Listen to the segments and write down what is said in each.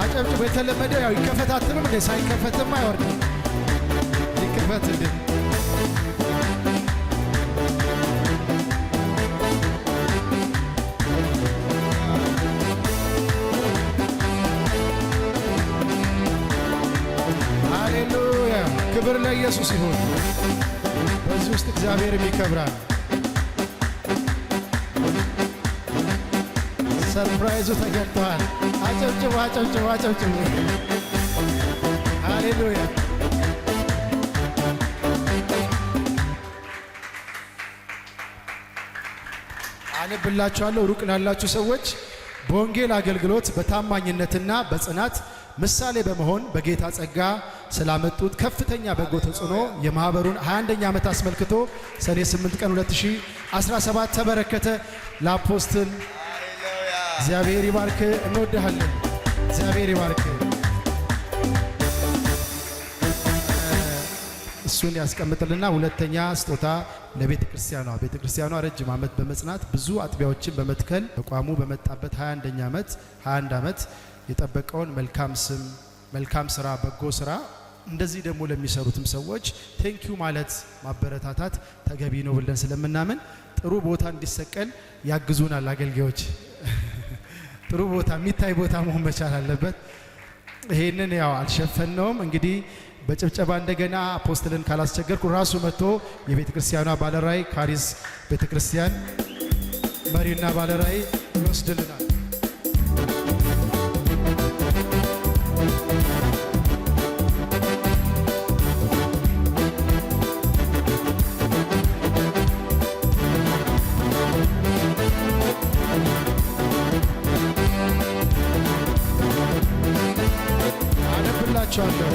አጨብጭብ። የተለመደው ያው ይከፈት እንደ ሳይከፈትም አይወርድም። ይከፈት ሃሌሉያ። ክብር ለኢየሱስ ይሁን። በዚህ ውስጥ እግዚአብሔርም ይከብራል። ሰርፕራይዙ ተገብተዋል። አጨብጭቡ፣ አጨብጭቡ፣ አጨብጭቡ። ሃሌሉያ። አነብላችኋለሁ። ሩቅ ላላችሁ ሰዎች በወንጌል አገልግሎት በታማኝነትና በጽናት ምሳሌ በመሆን በጌታ ጸጋ ስላመጡት ከፍተኛ በጎ ተጽዕኖ የማኅበሩን 21ኛ ዓመት አስመልክቶ ሰኔ 8 ቀን 2017 ተበረከተ። ለአፖስትል እግዚአብሔር ይባርክ። እንወድሃለን። እግዚአብሔር ይባርክ። እሱን ያስቀምጥልና ሁለተኛ ስጦታ ለቤተ ክርስቲያኗ ቤተ ክርስቲያኗ ረጅም ዓመት በመጽናት ብዙ አጥቢያዎችን በመትከል ተቋሙ በመጣበት 21ኛ ዓመት 21 ዓመት የጠበቀውን መልካም ስም፣ መልካም ስራ፣ በጎ ስራ እንደዚህ ደግሞ ለሚሰሩትም ሰዎች ቴንኪዩ ማለት ማበረታታት ተገቢ ነው ብለን ስለምናምን ጥሩ ቦታ እንዲሰቀል ያግዙናል አገልጋዮች። ጥሩ ቦታ የሚታይ ቦታ መሆን መቻል አለበት። ይሄንን ያው አልሸፈነውም። እንግዲህ በጭብጨባ እንደገና አፖስትልን ካላስቸገርኩ ራሱ መጥቶ የቤተ ክርስቲያኗ ባለራይ ካሪስ ቤተ ክርስቲያን መሪና ባለራይ ይወስድልናል። እላችኋለሁ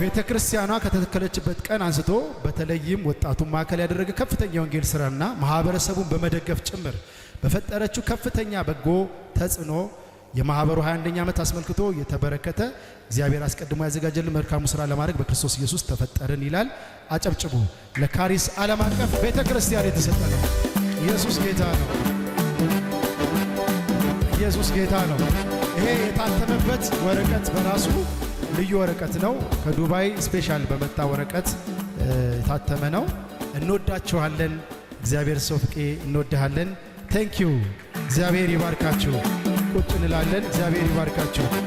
ቤተ ክርስቲያኗ ከተተከለችበት ቀን አንስቶ በተለይም ወጣቱን ማዕከል ያደረገ ከፍተኛ ወንጌል ስራና ማህበረሰቡን በመደገፍ ጭምር በፈጠረችው ከፍተኛ በጎ ተጽዕኖ የማህበሩ 21ኛ ዓመት አስመልክቶ የተበረከተ እግዚአብሔር አስቀድሞ ያዘጋጀልን መልካሙ ስራ ለማድረግ በክርስቶስ ኢየሱስ ተፈጠርን ይላል። አጨብጭቡ። ለካሪስ ዓለም አቀፍ ቤተ ክርስቲያን የተሰጠ ነው። ኢየሱስ ጌታ ነው። ኢየሱስ ጌታ ነው። የታተመበት ወረቀት በራሱ ልዩ ወረቀት ነው። ከዱባይ ስፔሻል በመጣ ወረቀት የታተመ ነው። እንወዳችኋለን። እግዚአብሔር ሰው ፍቄ እንወድሃለን። ታንኪዩ። እግዚአብሔር ይባርካችሁ። ቁጭ እንላለን። እግዚአብሔር ይባርካችሁ።